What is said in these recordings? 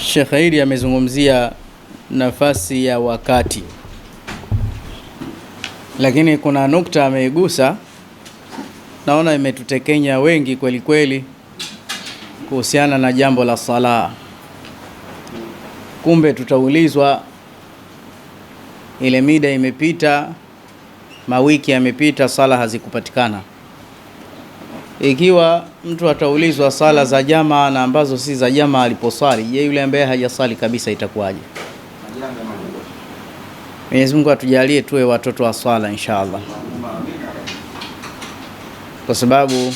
Sheikh Hery amezungumzia nafasi ya wakati, lakini kuna nukta ameigusa, naona imetutekenya wengi kweli kweli kuhusiana na jambo la sala. Kumbe tutaulizwa ile mida imepita, mawiki yamepita, sala hazikupatikana. Ikiwa mtu ataulizwa sala za jamaa na ambazo si za jamaa aliposali, je, yule ambaye hajasali kabisa itakuwaje? Mwenyezi Mungu atujalie tuwe watoto wa swala inshallah, kwa sababu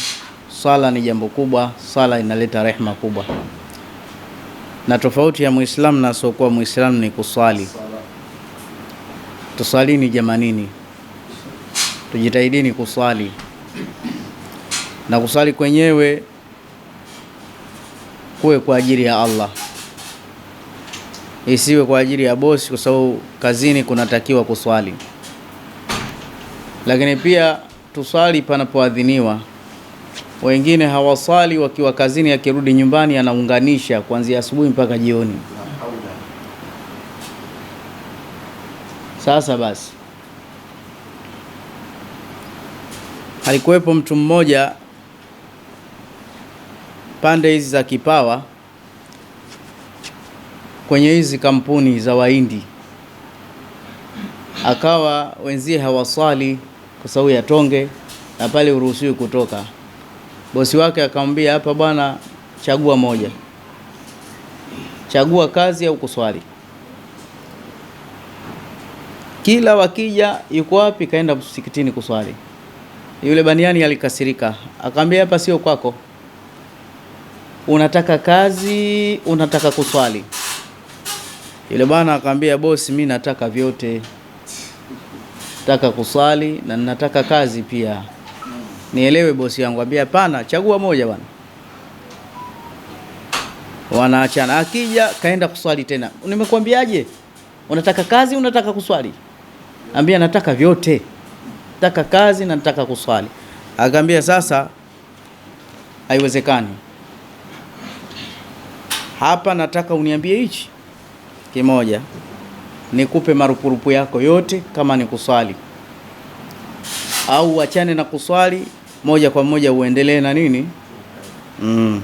swala ni jambo kubwa, swala inaleta rehma kubwa, na tofauti ya Muislamu na asiokuwa Muislamu ni kuswali. Tuswalini jamanini, tujitahidini kuswali na kusali kwenyewe kuwe kwa ajili ya Allah, isiwe kwa ajili ya bosi, kwa sababu kazini kunatakiwa kuswali. Lakini pia tuswali panapoadhiniwa. Wengine hawaswali wakiwa kazini, akirudi nyumbani anaunganisha kuanzia asubuhi mpaka jioni. Sasa basi, alikuwepo mtu mmoja pande hizi za Kipawa kwenye hizi kampuni za Wahindi, akawa wenzie hawaswali kwa sababu ya tonge, na pale uruhusiwi kutoka. Bosi wake akamwambia, hapa bwana, chagua moja, chagua kazi au kuswali. Kila wakija, yuko wapi? Kaenda msikitini kuswali. Yule baniani alikasirika, akamwambia, hapa sio kwako unataka kazi, unataka kuswali. Yule bwana akamwambia bosi, mi nataka vyote, nataka kuswali na nataka kazi pia, nielewe bosi yangu. Ambia hapana, chagua moja bwana. Wanaachana, akija kaenda kuswali tena, nimekwambiaje? Unataka kazi, unataka kuswali? Ambia nataka vyote, nataka kazi na nataka kuswali. Akaambia sasa haiwezekani hapa nataka uniambie hichi kimoja, nikupe marupurupu yako yote kama ni kuswali, au wachane na kuswali moja kwa moja uendelee na nini. Mm.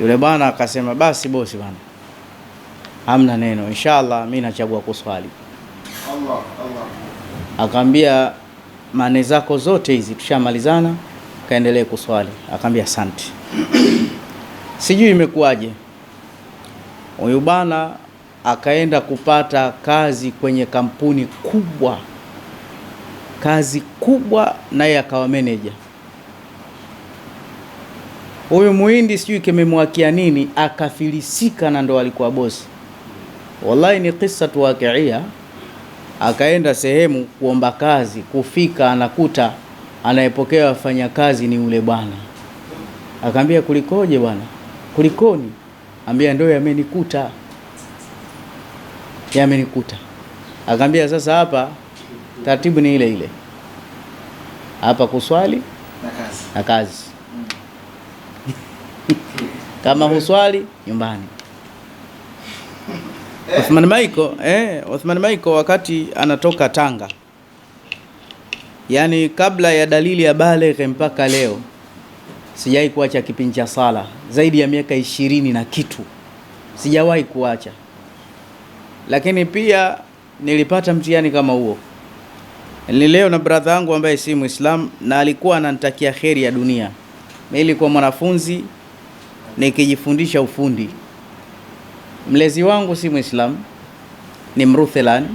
Yule bwana akasema basi bosi bwana, hamna neno, inshallah mimi nachagua kuswali. Allah, Allah. Akaambia mane zako zote hizi tushamalizana, kaendelee kuswali. Akaambia asante. Sijui imekuwaje. Huyu bwana akaenda kupata kazi kwenye kampuni kubwa, kazi kubwa, naye akawa meneja. Huyu muhindi sijui kimemwakia nini, akafilisika na ndo alikuwa bosi. Wallahi ni kisa tu waqiia. Akaenda sehemu kuomba kazi, kufika anakuta anayepokea wafanyakazi ni ule bwana, akaambia kulikoje bwana, kulikoni? Ambia ndio yamenikuta, yamenikuta. Akaambia sasa, hapa taratibu ni ile ile, hapa kuswali na kazi, na kazi. kama huswali nyumbani Othman Maiko, eh, Othman eh, Maiko wakati anatoka Tanga, yaani kabla ya dalili ya baleghe mpaka leo Sijawahi kuacha kipindi cha sala zaidi ya miaka ishirini na kitu, sijawahi kuacha. Lakini pia nilipata mtihani kama huo. leo na bradha yangu ambaye si Muislam na alikuwa ananitakia kheri ya dunia. Mimi nilikuwa mwanafunzi nikijifundisha ufundi. Mlezi wangu si Muislam, ni Mruthelan.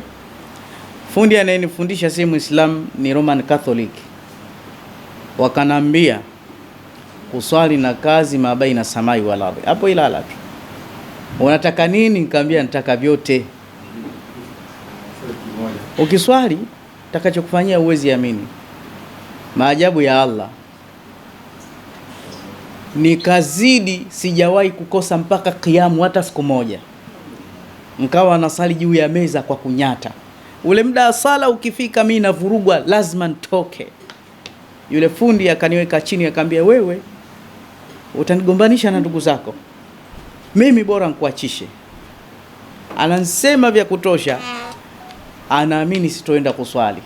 Fundi anayenifundisha si Muislam, ni Roman Catholic. Wakanambia kuswali na kazi mabaina samai wal ardi, hapo ilala tu. Unataka nini? Nikamwambia nataka vyote. Ukiswali takachokufanyia uwezi amini. Maajabu ya Allah, nikazidi, sijawahi kukosa mpaka kiamu hata siku moja, nkawa nasali juu ya meza kwa kunyata. Ule muda wa sala ukifika, mi navurugwa, lazima nitoke. Yule fundi akaniweka chini, akaambia wewe utanigombanisha na ndugu zako, mimi bora nkuachishe anansema vya kutosha, anaamini sitoenda kuswali.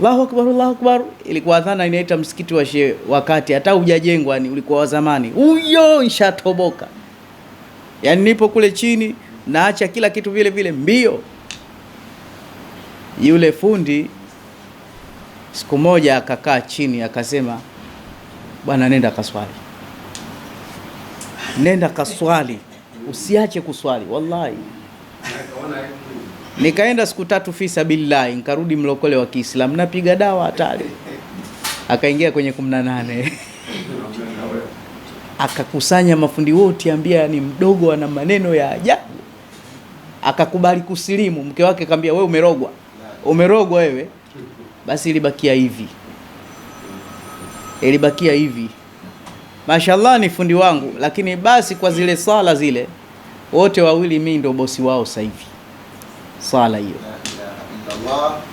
Allahu akbar, Allahu akbar. Ilikuwa dhana inaita msikiti wa she wakati hata hujajengwa, ni ulikuwa wa zamani huyo, nshatoboka. Yaani nipo kule chini, naacha kila kitu vile vile mbio. Yule fundi siku moja akakaa chini akasema, bwana, nenda kaswali nenda kaswali, usiache kuswali. Wallahi nikaenda siku tatu fi sabilillahi, nikarudi mlokole wa Kiislamu, napiga dawa hatari, akaingia kwenye 18 akakusanya mafundi wote, ambia ni mdogo ana maneno ya ajabu, akakubali kusilimu. Mke wake kaambia, wewe umerogwa, umerogwa wewe. Basi ilibakia hivi, ilibakia hivi mashallah ni fundi wangu, lakini basi kwa zile sala zile wote wawili mimi ndo bosi wao sasa hivi sala hiyo.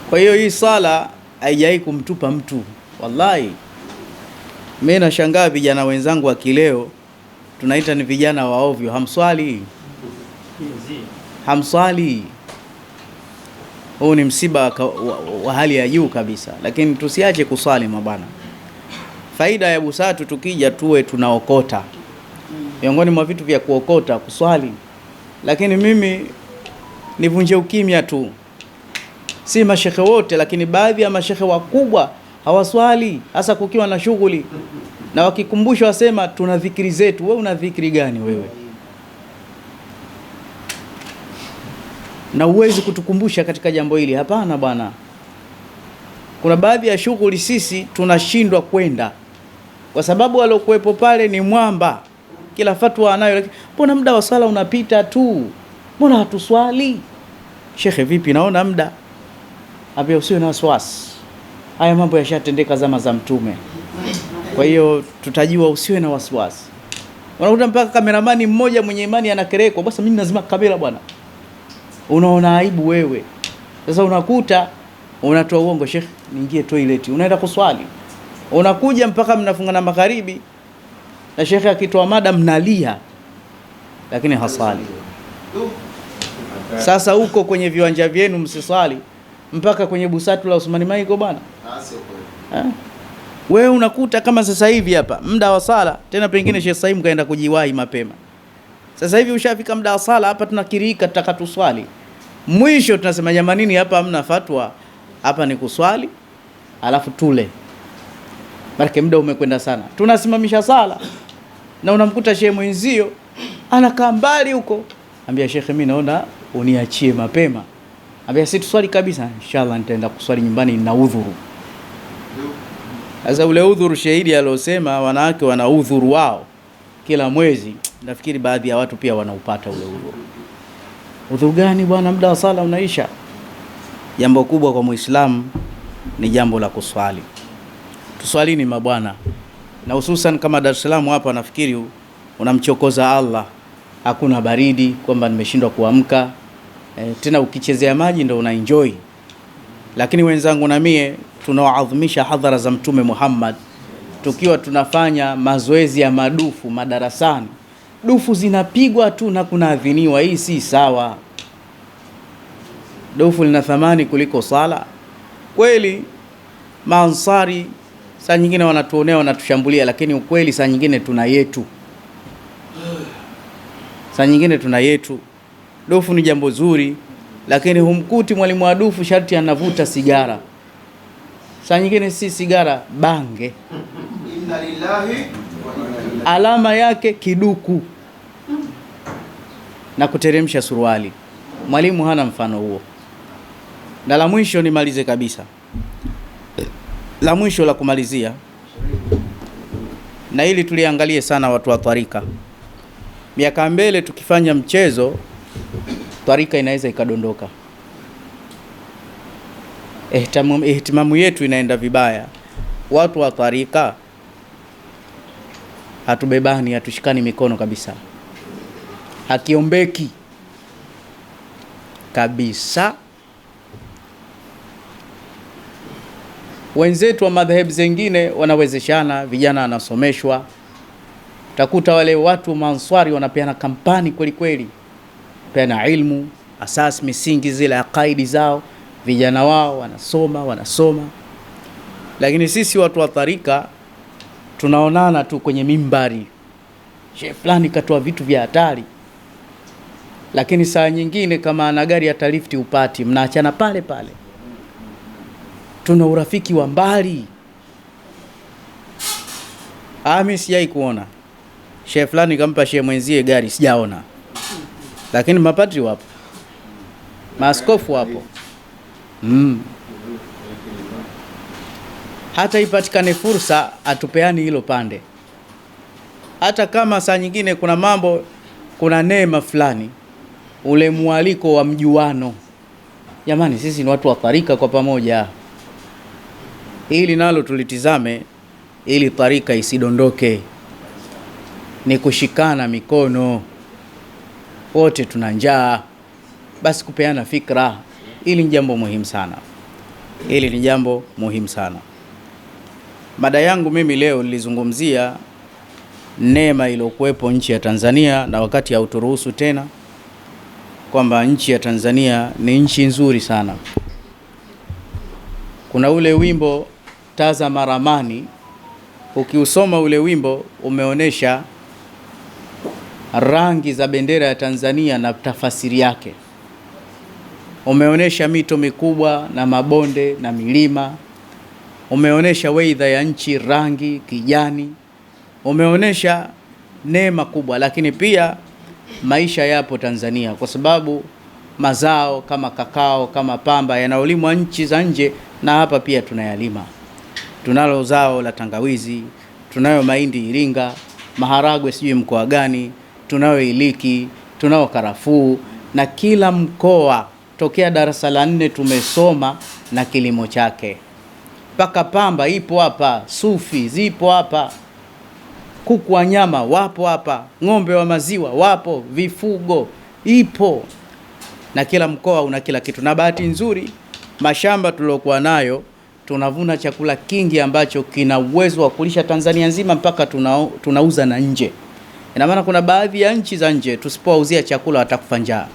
Kwa hiyo hii sala haijai kumtupa mtu wallahi. Mimi nashangaa vijana wenzangu wa kileo tunaita ni vijana wa ovyo, hamswali hamswali. Huu ni msiba wa, wa hali ya juu kabisa, lakini tusiache kuswali mabana faida ya busatu, tukija tuwe tunaokota miongoni mwa vitu vya kuokota kuswali, lakini mimi nivunje ukimya tu. Si mashehe wote, lakini baadhi ya mashehe wakubwa hawaswali, hasa kukiwa na shughuli, na wakikumbushwa wasema tuna dhikiri zetu. Wewe una dhikiri gani wewe? Na uwezi kutukumbusha katika jambo hili? Hapana bwana, kuna baadhi ya shughuli sisi tunashindwa kwenda kwa sababu alokuwepo pale ni mwamba, kila fatwa anayo. Lakini mbona muda wa sala unapita tu, mbona hatuswali? Shekhe vipi, naona muda ambia, usiwe na wasiwasi, haya mambo yashatendeka zama za Mtume. Kwa hiyo tutajua, usiwe na wasiwasi. Unakuta mpaka kameramani mmoja mwenye imani anakerekwa, basi mimi nazima kamera bwana, unaona aibu wewe. Sasa unakuta unatoa uongo, shekhe, niingie toileti, unaenda kuswali unakuja mpaka mnafunga na magharibi na shekhe akitoa mada mnalia, lakini hasali. Sasa huko kwenye viwanja vyenu msisali mpaka kwenye busatu la Usmani Maiko bwana eh? Wewe unakuta kama sasa hivi hapa muda wa sala tena, pengine Sheikh Saim kaenda kujiwahi mapema. Sasa hivi ushafika muda wa sala hapa, tunakirika tutakatuswali mwisho tunasema jamanini, hapa hamna fatwa, hapa ni kuswali alafu tule. Maanake muda umekwenda sana, tunasimamisha sala na unamkuta shehe mwenzio anakaa mbali huko, ambia shehe, mimi naona uniachie mapema. Ambia si tuswali kabisa, inshallah nitaenda kuswali nyumbani na udhuru. Sasa ule udhuru shahidi aliosema wanawake wana udhuru wao kila mwezi, nafikiri baadhi ya watu pia wanaupata ule udhuru. Udhuru gani bwana? Muda wa sala unaisha. Jambo kubwa kwa Muislamu ni jambo la kuswali tuswalini mabwana, na hususan kama Dar es Salaam hapa, nafikiri unamchokoza Allah. Hakuna baridi kwamba nimeshindwa kuamka e, tena ukichezea maji ndio una enjoy. Lakini wenzangu na mie tunaoadhimisha hadhara za Mtume Muhammad tukiwa tunafanya mazoezi ya madufu madarasani, dufu zinapigwa tu na kunaadhiniwa. Hii si sawa. Dufu lina thamani kuliko sala kweli. Maansari saa nyingine wanatuonea, wanatushambulia, lakini ukweli saa nyingine tuna yetu, saa nyingine tuna yetu. Dofu ni jambo zuri, lakini humkuti mwalimu wa dufu sharti anavuta sigara, saa nyingine si sigara, bange. Inna lillahi alama yake kiduku na kuteremsha suruali. Mwalimu hana mfano huo. Na la mwisho nimalize kabisa. La mwisho la kumalizia, na hili tuliangalie sana watu wa twarika. Miaka mbele tukifanya mchezo, twarika inaweza ikadondoka, ihtimamu yetu inaenda vibaya. Watu wa twarika hatubebani, hatushikani mikono kabisa, hakiombeki kabisa. wenzetu wa madhehebu zengine wanawezeshana, vijana wanasomeshwa, utakuta wale watu manswari wanapeana kampani kweli kweli, peana ilmu asasi, misingi zile akaidi zao, vijana wao wanasoma wanasoma. Lakini sisi watu wa tarika tunaonana tu kwenye mimbari, shehe fulani katoa vitu vya hatari, lakini saa nyingine kama ana gari ya talifti upati, mnaachana pale pale tuna urafiki wa mbali. Ah, mimi sijai kuona shehe fulani kampa shehe mwenzie gari, sijaona, lakini mapadri wapo, maaskofu wapo mm. Hata ipatikane fursa atupeani hilo pande, hata kama saa nyingine kuna mambo, kuna neema fulani, ule mwaliko wa mjuano. Jamani, sisi ni watu wa tarika kwa pamoja. Hili nalo tulitizame ili tarika isidondoke, ni kushikana mikono, wote tuna njaa, basi kupeana fikra. Hili ni jambo muhimu sana, hili ni jambo muhimu sana. Mada yangu mimi leo nilizungumzia neema iliyokuwepo nchi ya Tanzania na wakati hauturuhusu tena, kwamba nchi ya Tanzania ni nchi nzuri sana. Kuna ule wimbo tazama ramani, ukiusoma ule wimbo umeonyesha rangi za bendera ya Tanzania na tafasiri yake, umeonyesha mito mikubwa na mabonde na milima, umeonyesha weidha ya nchi, rangi kijani, umeonyesha neema kubwa, lakini pia maisha yapo Tanzania kwa sababu mazao kama kakao kama pamba yanayolimwa nchi za nje na hapa pia tunayalima tunalo zao la tangawizi, tunayo mahindi Iringa, maharagwe sijui mkoa gani, tunayo iliki, tunayo karafuu na kila mkoa tokea darasa la nne tumesoma na kilimo chake. Mpaka pamba ipo hapa, sufi zipo hapa, kuku wa nyama wapo hapa, ng'ombe wa maziwa wapo, vifugo ipo, na kila mkoa una kila kitu. Na bahati nzuri mashamba tuliokuwa nayo tunavuna chakula kingi ambacho kina uwezo wa kulisha Tanzania nzima mpaka tunauza na nje. Ina maana kuna baadhi ya nchi za nje tusipowauzia chakula watakufa njaa.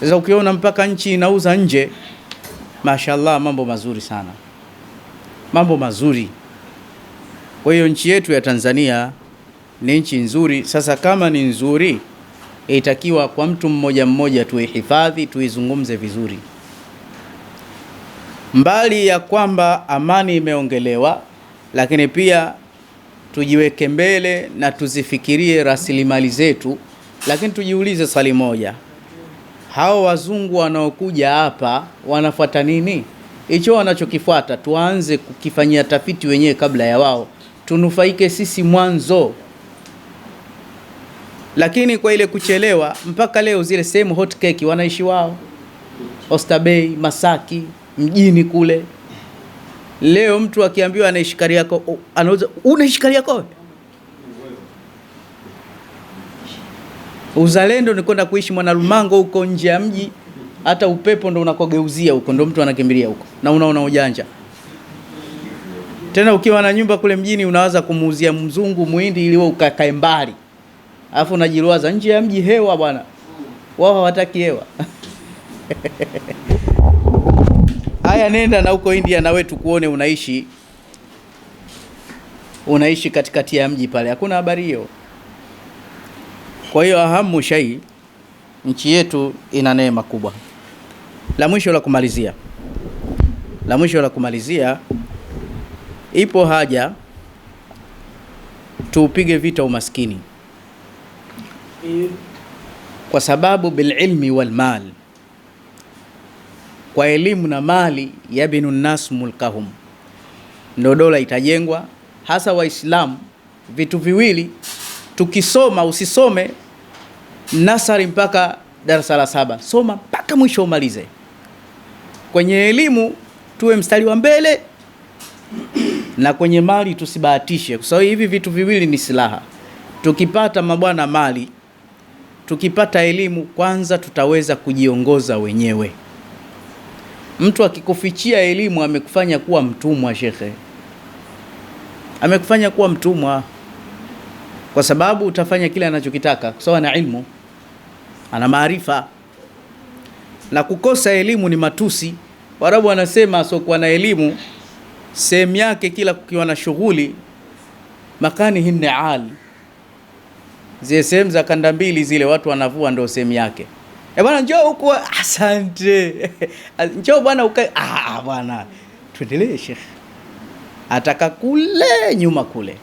Sasa ukiona mpaka nchi inauza nje, mashallah, mambo mazuri sana, mambo mazuri. Kwa hiyo nchi yetu ya Tanzania ni nchi nzuri. Sasa kama ni nzuri, itakiwa kwa mtu mmoja mmoja tuihifadhi, tuizungumze vizuri. Mbali ya kwamba amani imeongelewa, lakini pia tujiweke mbele na tuzifikirie rasilimali zetu, lakini tujiulize swali moja, hao wazungu wanaokuja hapa wanafuata nini? Hicho wanachokifuata tuanze kukifanyia tafiti wenyewe kabla ya wao, tunufaike sisi mwanzo. Lakini kwa ile kuchelewa, mpaka leo zile sehemu hot cake wanaishi wao, Oysterbay, Masaki mjini kule. Leo mtu akiambiwa anaishi Kariakoo, anauza unaishi Kariakoo? Uzalendo ni kwenda kuishi Mwanalumango huko nje ya mji, hata upepo ndo unakogeuzia huko, ndo mtu anakimbilia huko, na unaona ujanja tena ukiwa na nyumba kule mjini unawaza kumuuzia mzungu muhindi ili ukakae mbali, alafu unajiruaza nje ya mji, hewa bwana. Wao hawataki hewa Haya, nenda na huko India na wewe tukuone unaishi unaishi katikati ya mji pale, hakuna habari hiyo. Kwa hiyo ahamu shai, nchi yetu ina neema kubwa. La mwisho la kumalizia, la mwisho la kumalizia, ipo haja tuupige vita umaskini, kwa sababu bililmi walmal kwa elimu na mali yabinu nnas mulkahum, ndo dola itajengwa. Hasa Waislamu, vitu viwili tukisoma, usisome nasari mpaka darasa la saba, soma mpaka mwisho umalize. Kwenye elimu tuwe mstari wa mbele na kwenye mali tusibahatishe, kwa sababu hivi vitu viwili ni silaha. Tukipata mabwana mali, tukipata elimu, kwanza tutaweza kujiongoza wenyewe. Mtu akikufichia elimu amekufanya kuwa mtumwa, shekhe, amekufanya kuwa mtumwa, kwa sababu utafanya kile anachokitaka, kwa sababu ana ilmu, ana maarifa. Na kukosa elimu ni matusi. Warabu wanasema asiokuwa na elimu sehemu yake, kila kukiwa na shughuli makani hinne al zile sehemu za kanda mbili zile watu wanavua, ndio sehemu yake. Eh, bwana njoo huku. Asante. Njoo bwana ukae. Ah, ah, bwana. Tuendelee Sheikh. Ataka kule nyuma kule.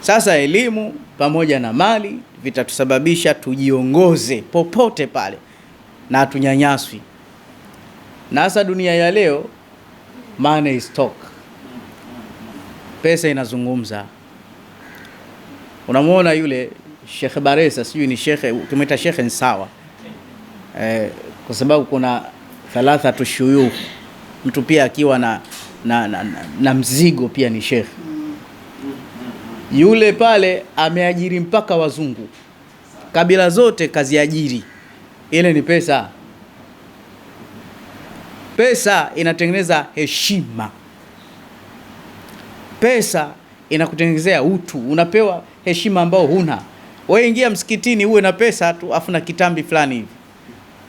Sasa elimu pamoja na mali vitatusababisha tujiongoze popote pale na tunyanyaswi. Na sasa dunia ya leo, money is talk. Pesa inazungumza. Unamwona yule Shekhe Baresa, sijui ni shekhe, ukimwita shekhe ni sawa e, kwa sababu kuna thalatha tushuyukh, mtu pia akiwa na, na, na, na, na mzigo pia ni shekhe. Yule pale ameajiri mpaka wazungu, kabila zote kaziajiri. Ile ni pesa. Pesa inatengeneza heshima, pesa inakutengenezea utu, unapewa heshima ambao huna We ingia msikitini uwe na pesa tu afu na kitambi fulani hivi.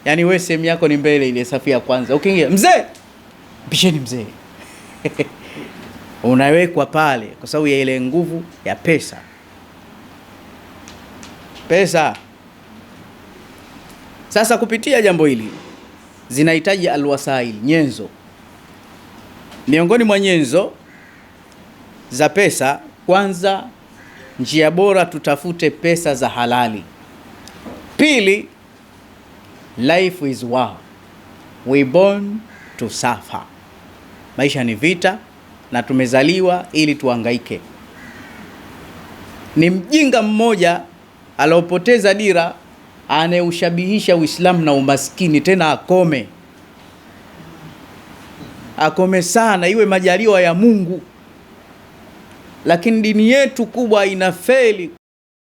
Yaani wewe sehemu yako ni mbele ile safu ya kwanza. Ukiingia, mzee, mpisheni mzee. Unawekwa pale kwa sababu ya ile nguvu ya pesa. Pesa. Sasa kupitia jambo hili zinahitaji alwasail, nyenzo. Miongoni mwa nyenzo za pesa, kwanza njia bora tutafute pesa za halali. Pili, life is war, we born to suffer. Maisha ni vita na tumezaliwa ili tuangaike. Ni mjinga mmoja aliopoteza dira anayeushabihisha Uislamu na umaskini, tena akome, akome sana, iwe majaliwa ya Mungu lakini dini yetu kubwa inafeli